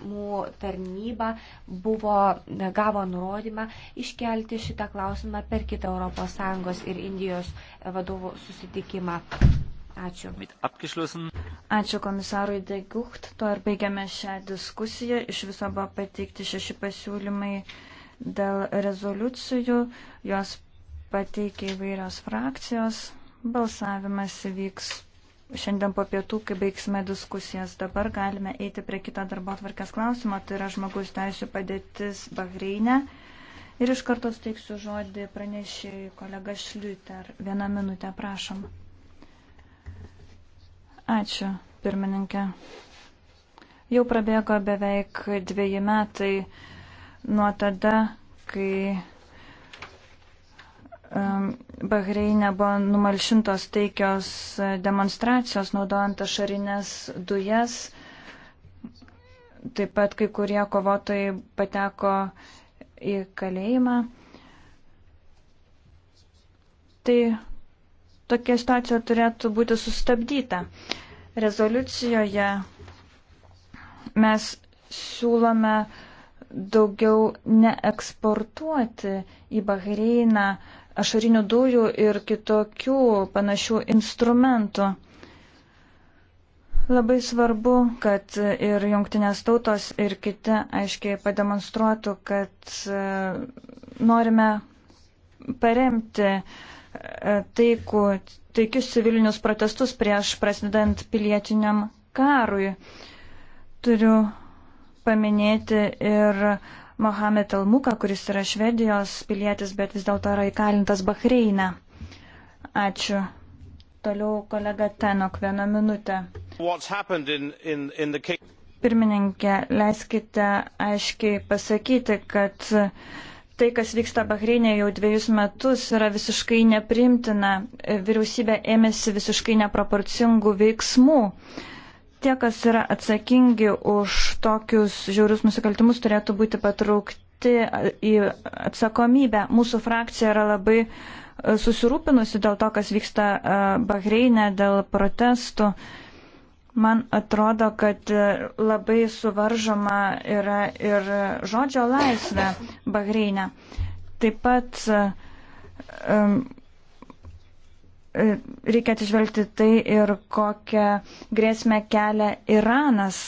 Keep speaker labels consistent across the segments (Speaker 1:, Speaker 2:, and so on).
Speaker 1: veiksmų tarnyba buvo, gavo nurodymą iškelti šitą klausimą per kitą ES ir Indijos vadovų susitikimą. Ačiū. Ačiū komisarui Degucht. Tuo ir baigiame šią
Speaker 2: diskusiją. Iš viso buvo pateikti šeši pasiūlymai dėl rezoliucijų. Jos pateikė įvairios frakcijos. Balsavimas vyks Šiandien po pietų, kai baigsime diskusijas, dabar galime eiti prie kito darbo atvarkės klausimo, tai yra žmogus teisų padėtis Bahreinė. Ir iš karto steiksiu žodį pranešėjai kolega Šliuter. Vieną minutę, prašom. Ačiū, pirmininkė. Jau prabėgo beveik dviejai metai nuo tada, kai Bahreinė buvo numalšintos taikios demonstracijos naudojant ašarinės dujas. Taip pat kai kurie kovotojai pateko į kalėjimą. Tai tokia situacija turėtų būti sustabdyta. Rezoliucijoje mes siūlome daugiau neeksportuoti į Bahreiną uh, ašarinių dujų ir kitokių panašių instrumentų. Labai svarbu, kad ir jungtinės tautos, ir kiti aiškiai pademonstruotų, kad e, norime paremti e, taikų, taikius civilinius protestus prieš prasidant pilietiniam karui. Turiu paminėti ir Mohamed Almuka, kuris yra Švedijos pilietis, bet vis dėlto yra įkalintas Bahreine. Ačiū. Toliau kolega Tenok, vieną minutę.
Speaker 3: In, in, in the...
Speaker 2: Pirmininkė, leiskite aiškiai pasakyti, kad tai, kas vyksta Bahreinė jau dviejus metus, yra visiškai neprimtina. Vyriausybė ėmėsi visiškai neproporcingų veiksmų. Uh, Tie, kas yra atsakingi už tokius žiaurius nusikaltimus, turėtų būti patraukti į atsakomybę. Mūsų frakcija yra labai e, susirūpinusi dėl to, kas vyksta e, Bahreinė, dėl protestų. Man atrodo, kad e, labai suvaržoma yra ir žodžio laisvė Bahreinė. Taip pat um, E, reikia atsižvelgti tai ir kokią grėsmę kelia Iranas.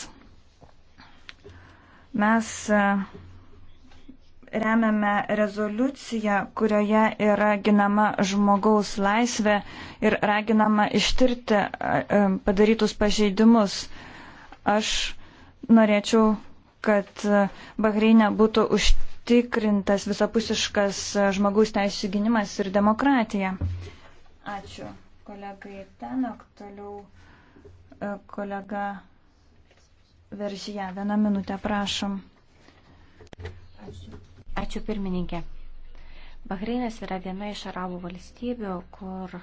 Speaker 2: Mes e, remiame rezoliuciją, kurioje yra ginama žmogaus laisvė ir raginama ištirti e, padarytus pažeidimus. Aš norėčiau, kad Bahreinė būtų užtikrintas visapusiškas žmogaus teisų gynimas ir demokratija. Ačiū kolegai Tenok, toliau e, kolega Veržyje. Vieną minutę prašom.
Speaker 1: Ačiū. Ačiū pirmininkė. Bahreinas yra viena iš arabų valstybių, kur e,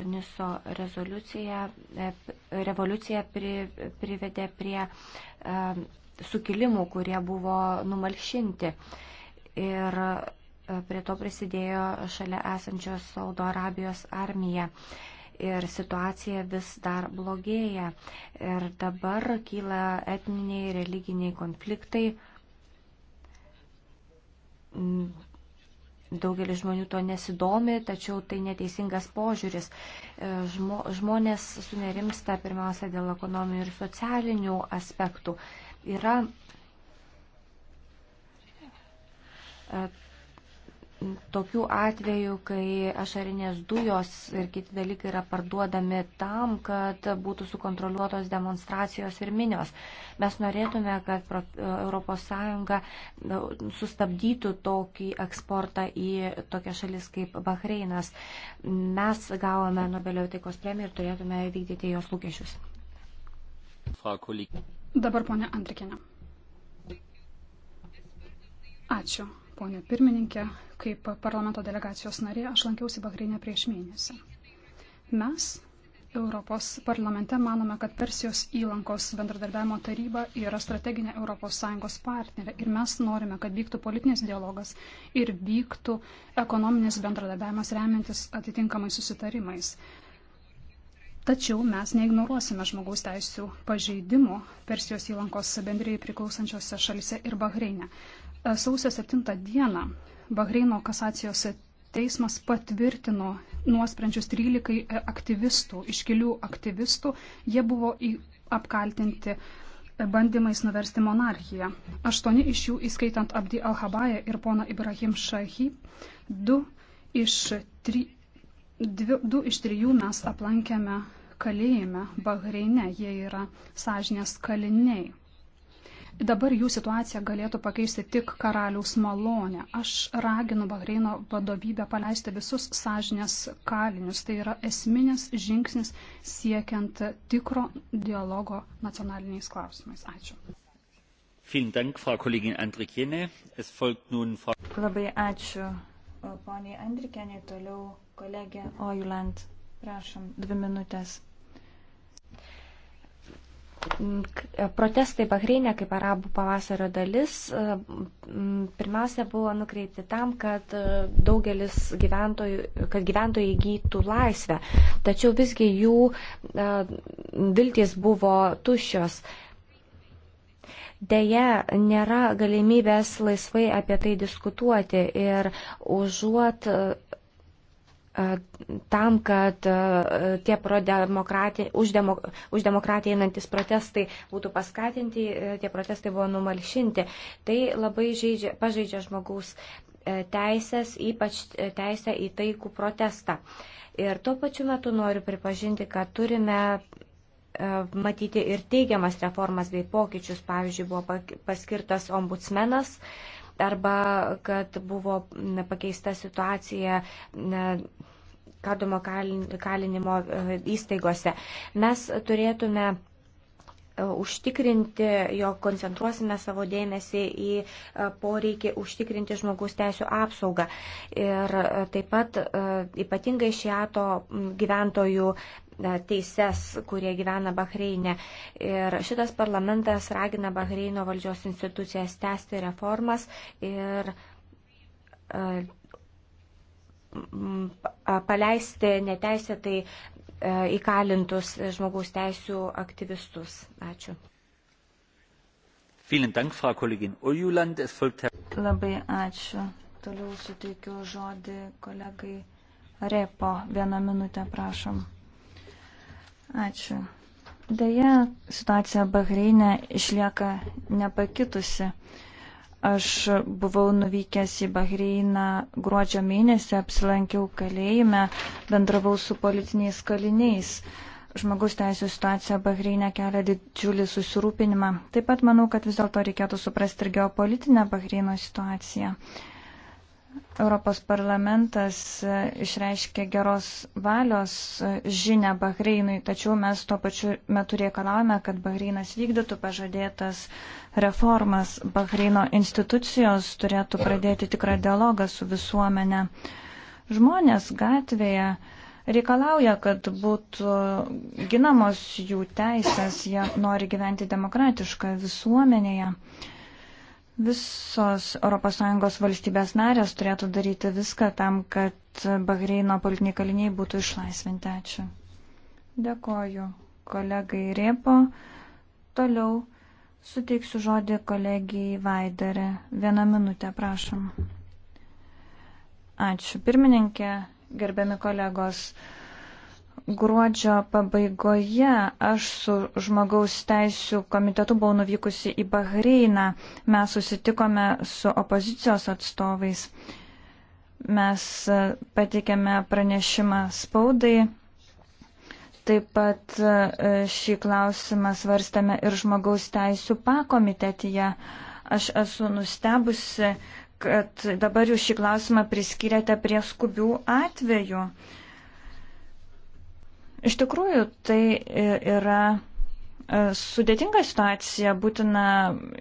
Speaker 1: Tuniso rezoliucija, e, revoliucija pri, privedė prie e, sukilimų, kurie buvo numalšinti. Ir prie to prisidėjo šalia esančios Saudo Arabijos armija. Ir situacija vis dar blogėja. Ir dabar kyla etniniai, religiniai konfliktai. Daugelis žmonių to nesidomi, tačiau tai neteisingas požiūris. E, žmo, žmonės sunerimsta pirmiausia dėl ekonominių ir socialinių aspektų. Yra e, tokių atvejų, kai ašarinės dujos ir kiti dalykai yra parduodami tam, kad būtų sukontroliuotos demonstracijos ir minios. Mes norėtume, kad ES sustabdytų tokį eksportą į tokias šalis kaip Bahreinas. Mes gavome Nobelio taikos premiją ir
Speaker 3: turėtume vykdyti jos lūkesčius. Dabar ponia Andrikėna. Ačiū ponė pirmininkė, kaip parlamento delegacijos narė, aš lankiausi Bahreinė prieš mėnesį. Mes Europos parlamente manome, kad Persijos įlankos bendradarbiavimo taryba yra strateginė ES partnerė ir mes norime, kad vyktų politinis dialogas ir vyktų ekonominis bendradarbiavimas remiantis atitinkamais susitarimais. Tačiau mes neignoruosime žmogaus teisų pažeidimų Persijos įlankos bendrijai priklausančiose šalise ir Bahreinė. Sausio 7 dieną Bahreino kasacijos teismas patvirtino nuosprendžius 13 aktyvistų, iškilių aktyvistų. Jie buvo apkaltinti bandymais nuversti monarchiją. Aštuoni iš jų, įskaitant Abdi Al-Habają ir pona Ibrahim Šahi, du iš, tri, dvi, du iš trijų mes aplankėme kalėjime Bahreine. Jie yra sąžinės kaliniai. Dabar jų situacija galėtų pakeisti tik karaliaus malonė. Aš raginu Bahreino vadovybę paleisti visus sąžinės kalinius. Tai yra esminis žingsnis siekiant tikro dialogo nacionaliniais klausimais. Ačiū.
Speaker 2: Dank, Frau es folgt nun Frau...
Speaker 3: Labai ačiū,
Speaker 2: poniai Andrikienė. Toliau kolegė Ojuland. Prašom, dvi minutės.
Speaker 1: Protestai Bahreinė kaip arabų pavasario dalis e, pirmiausia buvo nukreipti tam, kad e, daugelis gyventojų, kad gyventojai įgytų laisvę. Tačiau visgi jų e, viltys buvo tušios. Deja, nėra galimybės laisvai apie tai diskutuoti ir užuot E, tam, kad e, tie demokrati, už, demok, už demokratiją einantis protestai būtų paskatinti, e, tie protestai buvo numalšinti. Tai labai žaidžia, pažeidžia žmogaus teisės, ypač teisę į taikų protestą. Ir tuo pačiu metu noriu pripažinti, kad turime matyti ir teigiamas reformas bei pokyčius. Pavyzdžiui, buvo paskirtas ombudsmenas arba kad buvo pakeista situacija kardomo kalinimo e, įstaigose. Mes turėtume e, užtikrinti, jog koncentruosime savo dėmesį į e, poreikį užtikrinti žmogus teisų apsaugą. Ir taip pat ypatingai šiato gyventojų E, teises, kurie gyvena Bahreinė. Ir šitas parlamentas ragina Bahreino valdžios institucijas tęsti reformas ir e, paleisti neteisėtai e, įkalintus žmogaus teisų aktyvistus. Ačiū. Labai ačiū. Toliau suteikiu
Speaker 2: žodį kolegai Repo. Vieną minutę prašom. Ačiū. Deja, situacija Bahreinė išlieka nepakitusi. Aš buvau nuvykęs į Bahreiną gruodžio mėnesį, apsilankiau kalėjime, bendravau su politiniais kaliniais. Žmogus teisų situacija Bahreinė kelia didžiulį susirūpinimą. Taip pat manau, kad vis dėlto reikėtų suprasti ir geopolitinę Bahreino situaciją. Uh, Europos parlamentas e, išreiškė geros valios e, žinę Bahreinui, tačiau mes tuo pačiu metu reikalavome, kad Bahreinas vykdytų pažadėtas reformas. Bahreino institucijos turėtų pradėti tikrą dialogą su visuomenė. Žmonės gatvėje reikalauja, kad būtų ginamos jų teisės, jie nori gyventi demokratišką visuomenėje. Visos ES valstybės narės turėtų daryti viską tam, kad Bahreino politiniai kaliniai būtų išlaisvinti. Ačiū. Dėkoju kolegai Riepo. Toliau suteiksiu žodį kolegijai Vaidarė. Vieną minutę, prašom. Ačiū. Pirmininkė, gerbiami kolegos. Gruodžio pabaigoje aš su žmogaus teisų komitetu buvau nuvykusi į Bahreiną. Mes susitikome su opozicijos atstovais. Mes e, patikėme pranešimą spaudai. Taip pat e, šį klausimą svarstame ir žmogaus teisų pakomitetyje. Aš esu nustebusi, kad dabar jūs šį klausimą priskiriate prie skubių atvejų. Iš tikrųjų, tai yra e, sudėtinga situacija, būtina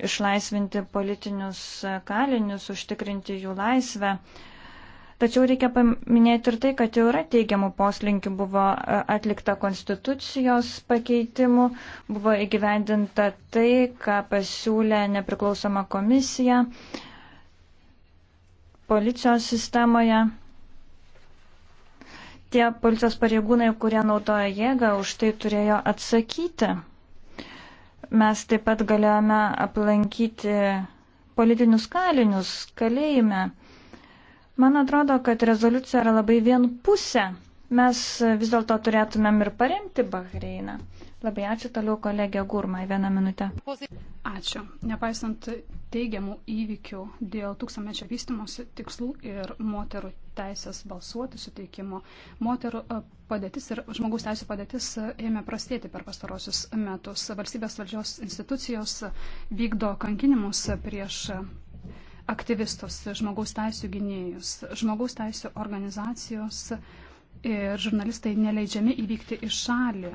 Speaker 2: išlaisvinti politinius e, kalinius, užtikrinti jų laisvę. Tačiau reikia paminėti ir tai, kad jau yra teigiamų poslinkių, buvo e, atlikta konstitucijos pakeitimų, buvo įgyvendinta tai, ką pasiūlė nepriklausoma komisija policijos sistemoje tie policijos pareigūnai, kurie naudoja jėgą, už tai turėjo atsakyti. Mes taip pat galėjome aplankyti politinius kalinius kalėjime. Man atrodo, kad rezoliucija yra labai vienpusė mes vis dėlto turėtumėm ir paremti
Speaker 3: Bahreiną.
Speaker 2: Labai ačiū toliau kolegė Gurmai, vieną minutę.
Speaker 3: Ačiū. Nepaisant teigiamų įvykių dėl tūkstamečio vystimosi tikslų ir moterų teisės balsuoti suteikimo, moterų e, padėtis ir žmogus teisų padėtis e, ėmė prastėti per pastarosius metus. Valstybės valdžios institucijos e, vykdo kankinimus prieš aktyvistus, žmogaus teisų gynėjus, žmogaus teisų organizacijos ir žurnalistai neleidžiami įvykti į šalį.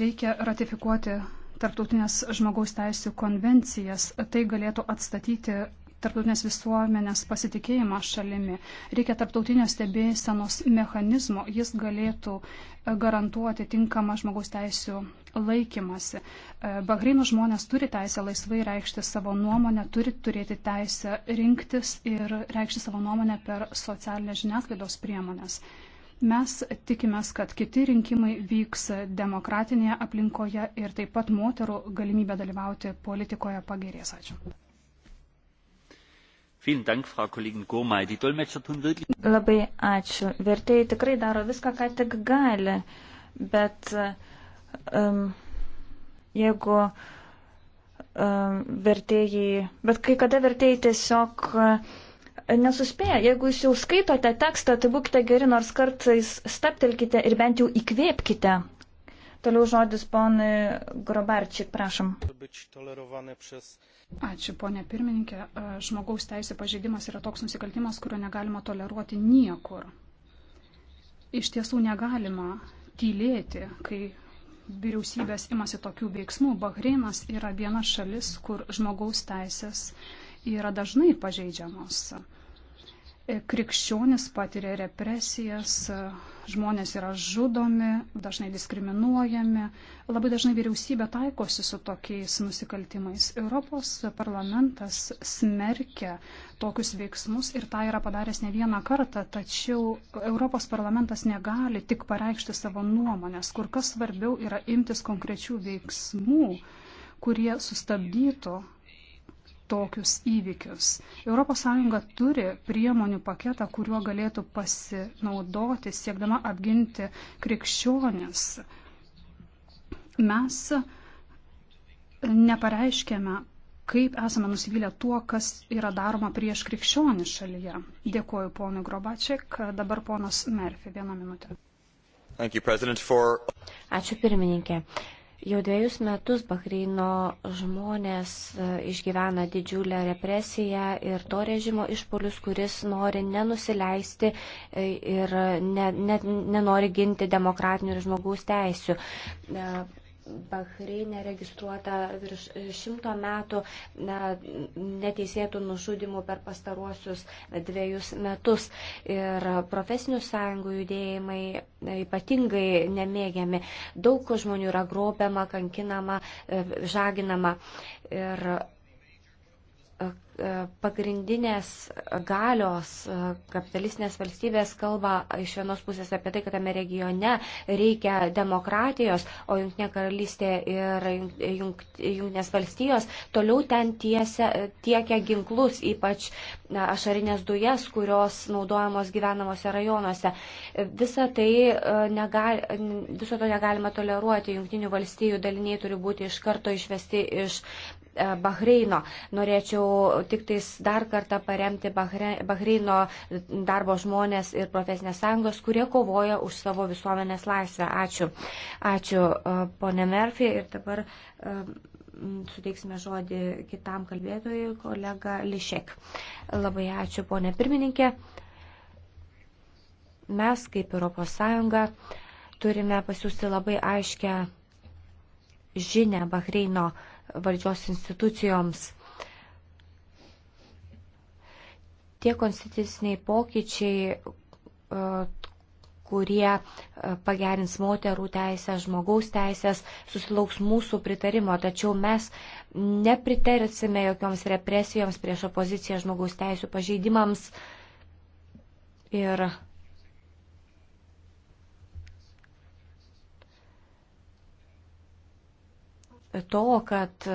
Speaker 3: Reikia ratifikuoti tarptautinės žmogaus teisų konvencijas. Tai galėtų atstatyti tarptautinės visuomenės pasitikėjimą šalimi. Reikia tarptautinio stebėsenos mechanizmo, jis galėtų e, garantuoti tinkamą žmogaus teisų laikymasi. E, Bahreino žmonės turi teisę laisvai reikšti savo nuomonę, turi turėti teisę rinktis ir reikšti savo nuomonę per socialinės žiniasklaidos priemonės. Mes tikimės, kad kiti rinkimai vyks demokratinėje aplinkoje ir taip pat moterų galimybė dalyvauti politikoje pagerės. Ačiū.
Speaker 2: Labai
Speaker 3: ačiū. Vertėjai tikrai
Speaker 2: daro viską, ką tik gali, bet um, jeigu um, vertėjai, bet kai kada vertėjai tiesiog uh, nesuspėja. Jeigu jūs jau skaitote tekstą, tai būkite geri, nors kartais staptelkite ir bent jau įkvėpkite Toliau žodis ponui
Speaker 3: Grobarčik, prašom. Ačiū, ponė pirmininkė. E, žmogaus teisė pažeidimas yra toks nusikaltimas, kurio negalima toleruoti niekur. Iš tiesų negalima tylėti, kai vyriausybės imasi tokių veiksmų. Bahreinas yra viena šalis, kur žmogaus teisės yra dažnai pažeidžiamos krikščionis patiria represijas, žmonės yra žudomi, dažnai diskriminuojami, labai dažnai vyriausybė taikosi su tokiais nusikaltimais. Europos parlamentas smerkia tokius veiksmus ir tą yra padaręs ne vieną kartą, tačiau Europos parlamentas negali tik pareikšti savo nuomonės, kur kas svarbiau yra imtis konkrečių veiksmų kurie sustabdytų tokius įvykius. ES turi priemonių paketą, kuriuo galėtų pasinaudoti siekdama apginti krikščionis. Mes nepareiškėme, kaip esame nusivylę tuo, kas yra daroma prieš krikščionį šalyje. Dėkuoju ponui Grobačiak, dabar ponas Merfi, vieną minutę.
Speaker 1: You, for...
Speaker 3: Ačiū pirmininkė. Jau dviejus
Speaker 1: metus Bahreino žmonės e, išgyvena didžiulę represiją ir to režimo išpolius, kuris nori nenusileisti e, ir ne, ne, nenori ginti demokratinių ir žmogaus teisių. E, Bahreinė registruota virš šimto metų na, neteisėtų nužudimų per pastaruosius dviejus metus. Ir profesinių sąjungų judėjimai ypatingai nemėgiami. Daug žmonių yra grobiama, kankinama, e, žaginama. Ir pagrindinės galios e, kapitalistinės valstybės kalba iš vienos pusės apie tai, kad tame regione reikia demokratijos, o Junktinė karalystė ir Junktinės valstijos toliau ten tiesia, tiekia ginklus, ypač ašarinės dujas, kurios naudojamos gyvenamosi rajonuose. Visa tai e, negali, viso to negalima toleruoti. Junktinių valstijų daliniai turi būti iš karto išvesti iš E, Bahreino. Norėčiau tik tais dar kartą paremti Bahreino darbo žmonės ir profesinės sąjungos, kurie kovoja už savo visuomenės laisvę. Ačiū. Ačiū, e, ponė Merfė. Ir dabar e, suteiksime žodį kitam kalbėtojui, kolega Lišek. Labai ačiū, ponė pirmininkė. Mes, kaip ES, turime pasiūsti labai aiškę žinę Bahreino valdžios institucijoms. Tie konstituciniai pokyčiai, kurie e, pagerins moterų teisės, žmogaus teisės, susilauks mūsų pritarimo, tačiau mes nepritarsime jokioms represijoms prieš opoziciją žmogaus teisų pažeidimams ir to, kad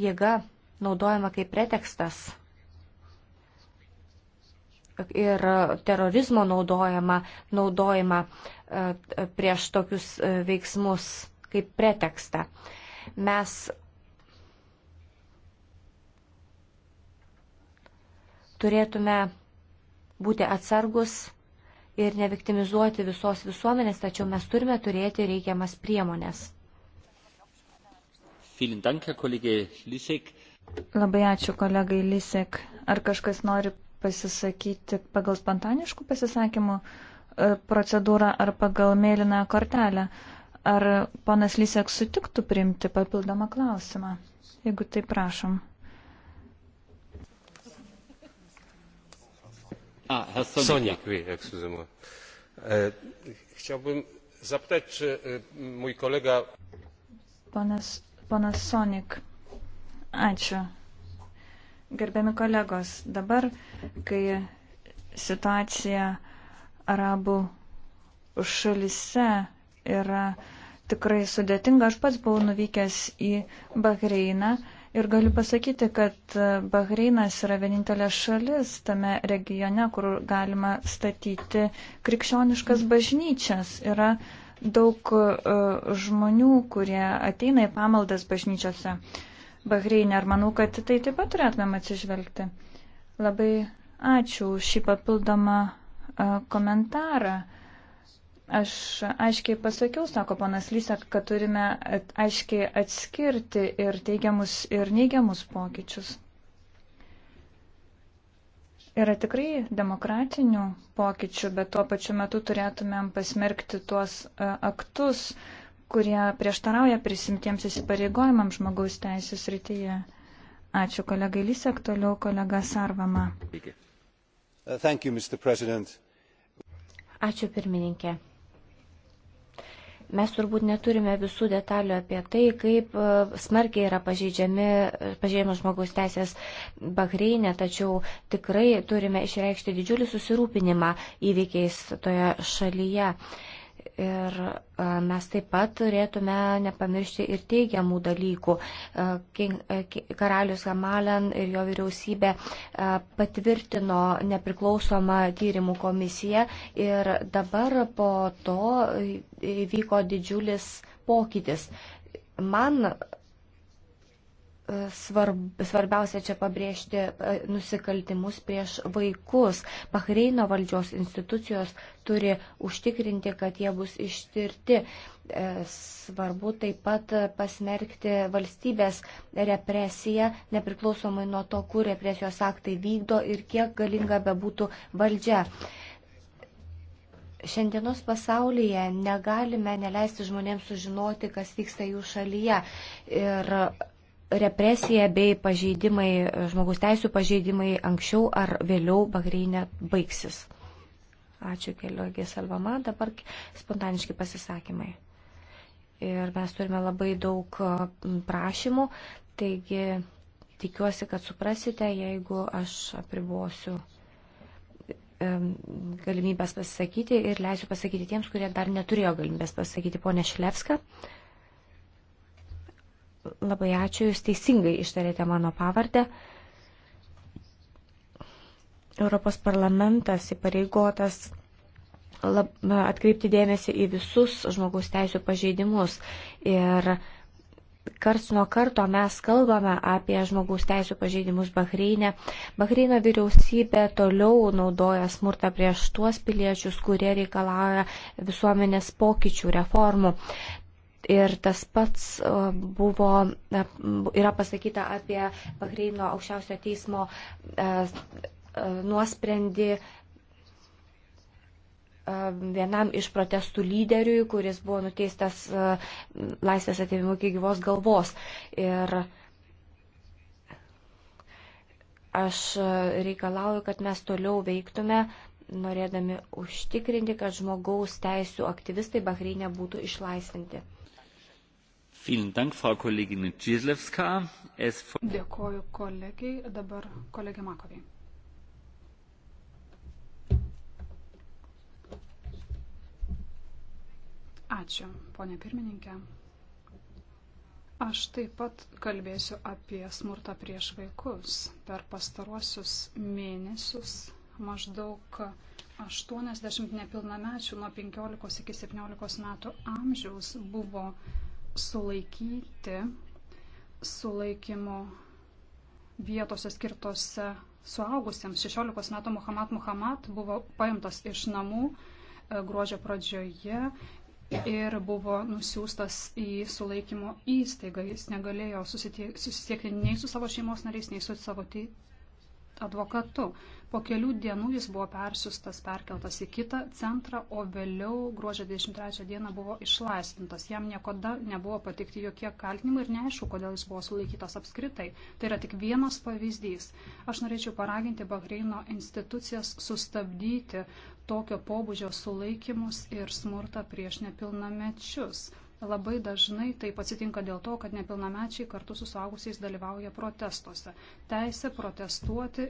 Speaker 1: jėga naudojama kaip pretekstas ir terorizmo naudojama, naudojama e, prieš tokius e, veiksmus kaip pretekstą. Mes turėtume būti atsargus ir neviktimizuoti visos visuomenės, tačiau mes turime turėti reikiamas priemonės.
Speaker 2: Labai
Speaker 1: ačiū kolegai Lisek.
Speaker 2: Ar kažkas nori pasisakyti pagal spontaniškų pasisakymų e, procedūrą ar pagal mėlyną kortelę? Ar ponas Lisek sutiktų priimti papildomą klausimą? Jeigu tai prašom. Sonik, oui, excusez-moi. E, chciałbym zapytać, czy e, mój kolega... Ponas Panas Sonik, ačiū. Gerbiami kolegos, dabar, kai situacija arabų šalise yra tikrai sudėtinga, aš pats buvau nuvykęs į Bahreiną ir galiu pasakyti, kad Bahreinas yra vienintelė šalis tame regione, kur galima statyti krikščioniškas bažnyčias. Yra uh, daug e, žmonių, kurie ateina į pamaldas bažnyčiose Bahreinė. Ar manau, kad tai taip pat turėtumėm atsižvelgti? Labai ačiū už šį papildomą e, komentarą. Aš aiškiai pasakiau, sako ponas Lysak, kad turime aiškiai atskirti ir teigiamus ir neigiamus pokyčius. Yra tikrai demokratinių pokyčių, bet tuo pačiu metu turėtumėm pasmerkti tuos e, aktus, kurie prieštarauja prisimtiems įsipareigojimams žmogaus teisės rytyje. Ačiū kolegai Lisek, toliau kolega
Speaker 1: Sarvama. Ačiū pirmininkė. Mes turbūt neturime visų detalių apie tai, kaip e, smarkiai yra pažeidžiamos žmogaus teisės Bahreinė, tačiau tikrai turime išreikšti didžiulį susirūpinimą įvykiais toje šalyje. Uh, Ir e, mes taip pat turėtume nepamiršti ir teigiamų dalykų. E, e, karalius Hamalen ir jo vyriausybė patvirtino nepriklausomą tyrimų komisiją ir dabar po to vyko didžiulis pokytis. Man Svarb, svarbiausia čia pabrėžti e, nusikaltimus prieš vaikus. Bahreino valdžios institucijos turi užtikrinti, kad jie bus ištirti. E, svarbu taip pat pasmerkti valstybės represiją, nepriklausomai nuo to, kur represijos aktai vykdo ir kiek galinga bebūtų valdžia. Šiandienos pasaulyje negalime neleisti žmonėms sužinoti, kas vyksta jų šalyje. Ir represija bei pažeidimai, žmogus teisų pažeidimai anksčiau ar vėliau Bahreinė baigsis. Ačiū keliogė Salvama, dabar spontaniški pasisakymai. Ir mes turime labai daug prašymų, taigi tikiuosi, kad suprasite, jeigu aš apribosiu galimybės pasisakyti ir leisiu pasakyti tiems, kurie dar neturėjo galimybės pasisakyti. Pone Šilevska. Labai ačiū, jūs teisingai ištarėte mano pavardę. Europos parlamentas įpareigotas lab, atkreipti dėmesį į visus žmogaus teisų pažeidimus. Ir kars nuo karto mes kalbame apie žmogaus teisų pažeidimus Bahreinė. Bahreino vyriausybė toliau naudoja smurtą prieš tuos piliečius, kurie reikalauja visuomenės pokyčių, reformų. Ir tas pats buvo, e, yra pasakyta apie Bahreino aukščiausio teismo e, e, nuosprendį vienam iš protestų lyderiui, kuris buvo nuteistas laisvės atėmimu iki gyvos galvos. Ir aš reikalauju, kad mes toliau veiktume, norėdami užtikrinti, kad žmogaus teisų aktyvistai Bahreinė būtų išlaisvinti.
Speaker 2: Dėkoju
Speaker 3: kolegijai, dabar kolegė Makoviai. Ačiū, ponė pirmininkė. Aš taip pat kalbėsiu apie smurtą prieš vaikus. Per pastaruosius mėnesius maždaug 80 nepilnamečių nuo 15 iki 17 metų amžiaus buvo sulaikyti sulaikymo vietose skirtose suaugusiems. 16 metų Muhammad Muhammad buvo paimtas iš namų e, gruodžio pradžioje ir buvo nusiųstas į sulaikymo įstaigą. Jis negalėjo susitiekti nei su savo šeimos nariais, nei su savo advokatu. Po kelių dienų jis buvo persiustas, perkeltas į kitą centrą, o vėliau gruodžio 23 dieną buvo išlaisvintas. Jam niekada nebuvo patikti jokie kaltinimai ir neaišku, kodėl jis buvo sulaikytas apskritai. Tai yra tik vienas pavyzdys. Aš norėčiau paraginti Bahreino institucijas sustabdyti tokio pobūdžio sulaikymus ir smurtą prieš nepilnamečius. Labai dažnai taip atsitinka dėl to, kad nepilnamečiai kartu su suaugusiais dalyvauja protestuose. Teisė protestuoti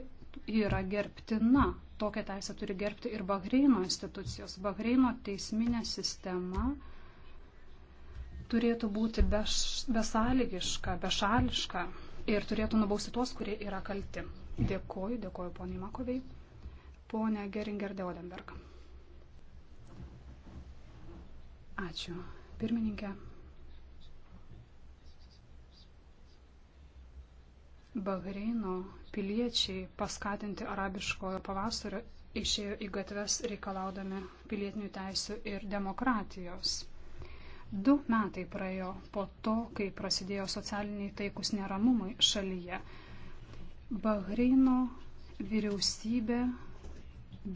Speaker 3: yra gerbtina. Tokią teisę turi gerbti ir Bahreino institucijos. Bahreino teisminė sistema turėtų būti beš, besąlygiška, bešališka ir turėtų nubausti tuos, kurie yra kalti. Dėkoju, dėkoju poniai Makoviai, ponia Geringer de Odenberg. Ačiū pirmininkė. Bahreino piliečiai paskatinti arabiškojo pavasario išėjo į gatves reikalaudami pilietinių teisų ir demokratijos. Du metai praėjo po to, kai prasidėjo socialiniai taikus neramumai šalyje. Bahreino vyriausybė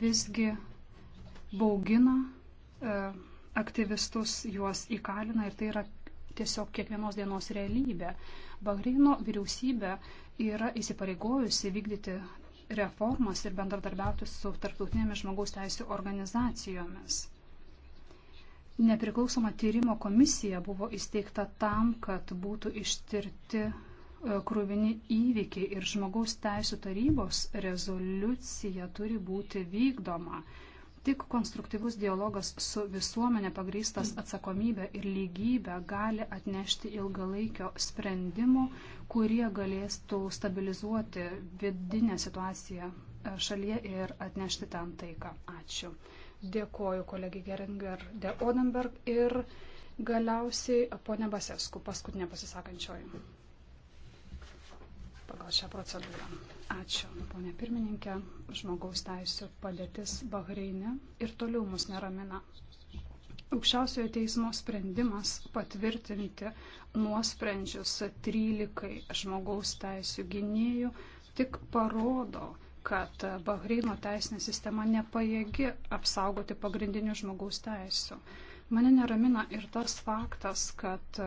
Speaker 3: visgi baugina e, aktyvistus, juos įkalina ir tai yra tiesiog kiekvienos dienos realybė. Bahreino vyriausybė yra įsipareigojusi vykdyti reformas ir bendradarbiauti su tarptautinėmis žmogaus teisų organizacijomis. Nepriklausoma tyrimo komisija buvo įsteigta tam, kad būtų ištirti e, krūvini įvykiai ir žmogaus teisų tarybos rezoliucija turi būti vykdoma. Tik konstruktyvus dialogas su visuomenė pagrystas atsakomybė ir lygybė gali atnešti ilgalaikio sprendimų, kurie galėstų stabilizuoti vidinę situaciją e, šalyje ir atnešti ten taiką. Ačiū. Dėkoju kolegai Geringer de Odenberg ir galiausiai e, ponė Basesku, paskutinė pasisakančioji pagal šią procedūrą. Ačiū, ponė pirmininkė. Žmogaus teisų padėtis Bahreinė ir toliau mus neramina. Aukščiausiojo teismo sprendimas patvirtinti nuosprendžius 13 žmogaus teisų gynėjų tik parodo, kad Bahreino teisinė sistema nepajėgi apsaugoti pagrindinių žmogaus teisų. Mane neramina ir tas faktas, kad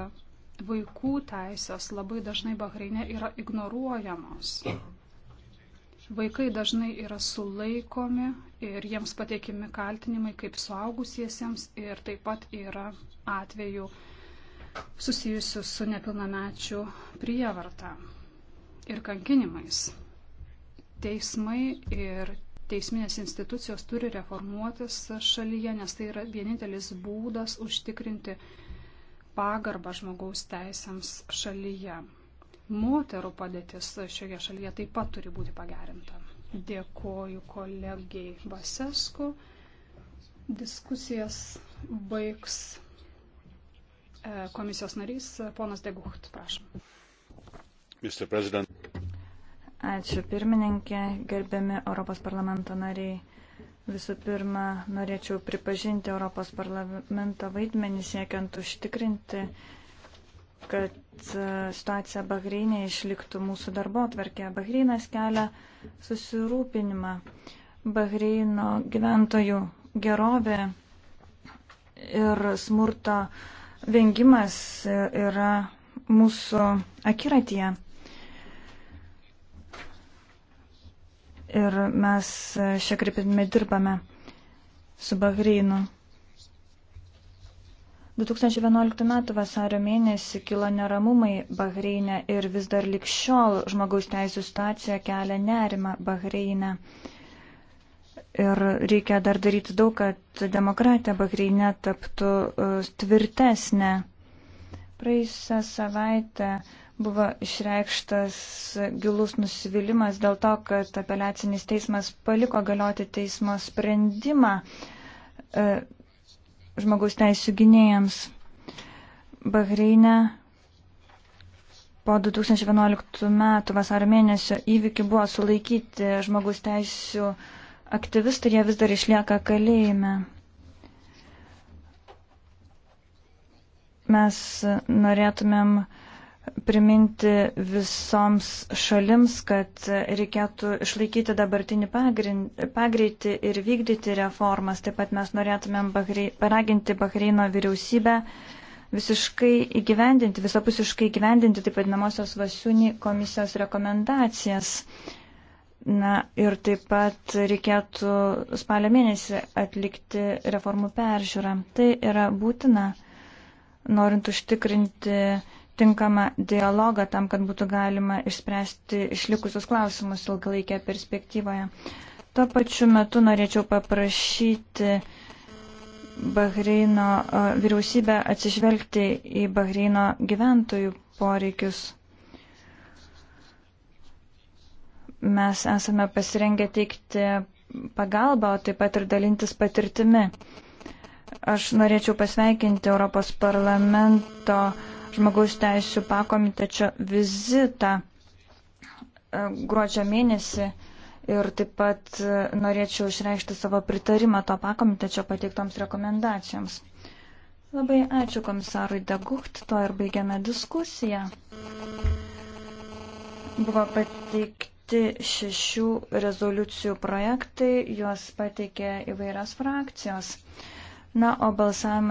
Speaker 3: Vaikų teisės labai dažnai Bahreinė yra ignoruojamos. Vaikai dažnai yra sulaikomi ir jiems pateikimi kaltinimai kaip suaugusiesiems ir taip pat yra atvejų susijusių su nepilnamečių prievarta ir kankinimais. Teismai ir teisminės institucijos turi reformuotis šalyje, nes tai yra vienintelis būdas užtikrinti pagarbą žmogaus teisėms šalyje. Moterų padėtis šioje šalyje taip pat turi būti pagerinta. Dėkoju kolegiai Basesku. Diskusijas baigs e, komisijos narys e, ponas Degucht, prašom.
Speaker 2: Ačiū pirmininkė, gerbiami Europos parlamento nariai. Visų pirma, norėčiau pripažinti Europos parlamento vaidmenį siekiant užtikrinti, kad e, situacija Bahreinė išliktų mūsų darbo atverkė. Bahreinas kelia susirūpinimą. Bahreino gyventojų gerovė ir smurto vengimas yra mūsų akiratyje. ir mes šią kryptimį dirbame su Bahreinu. 2011 m. vasario mėnesį kilo neramumai Bahreinė ir vis dar likščiol žmogaus teisų situacija kelia nerimą Bahreinę. Ir reikia dar daryti daug, kad demokratija Bahreinė taptų uh, tvirtesnė. Praėjusią savaitę uh, buvo išreikštas gilus nusivylimas dėl to, kad apeliacinis teismas paliko galioti teismo sprendimą e, žmogaus teisų gynėjams. Bahreinė po 2011 metų vasario mėnesio įvykių buvo sulaikyti žmogaus teisų aktyvistai, jie vis dar išlieka kalėjime. Mes norėtumėm uh, priminti visoms šalims, kad reikėtų išlaikyti dabartinį pagreitį ir vykdyti reformas. Taip pat mes norėtumėm paraginti Bahreino vyriausybę visiškai įgyvendinti, visapusiškai įgyvendinti taip vadinamosios Vasiūnį komisijos rekomendacijas. Na ir taip pat reikėtų spalio mėnesį atlikti reformų peržiūrą. Tai yra būtina, norint užtikrinti tinkamą dialogą tam, kad būtų galima išspręsti išlikusius klausimus ilgalaikėje perspektyvoje. Tuo pačiu metu norėčiau paprašyti Bahreino vyriausybę atsižvelgti į Bahreino gyventojų poreikius. Mes esame pasirengę teikti pagalbą, o taip pat ir dalintis patirtimi. Aš norėčiau pasveikinti Europos parlamento uh, žmogaus teisų pakomitečio vizitą e, gruodžio mėnesį ir taip pat e, norėčiau išreikšti savo pritarimą to pakomitečio pateiktoms rekomendacijoms. Labai ačiū komisarui Degucht, to ir baigiame diskusiją. Buvo pateikti šešių rezoliucijų projektai, juos pateikė įvairios frakcijos. Na, o balsavimą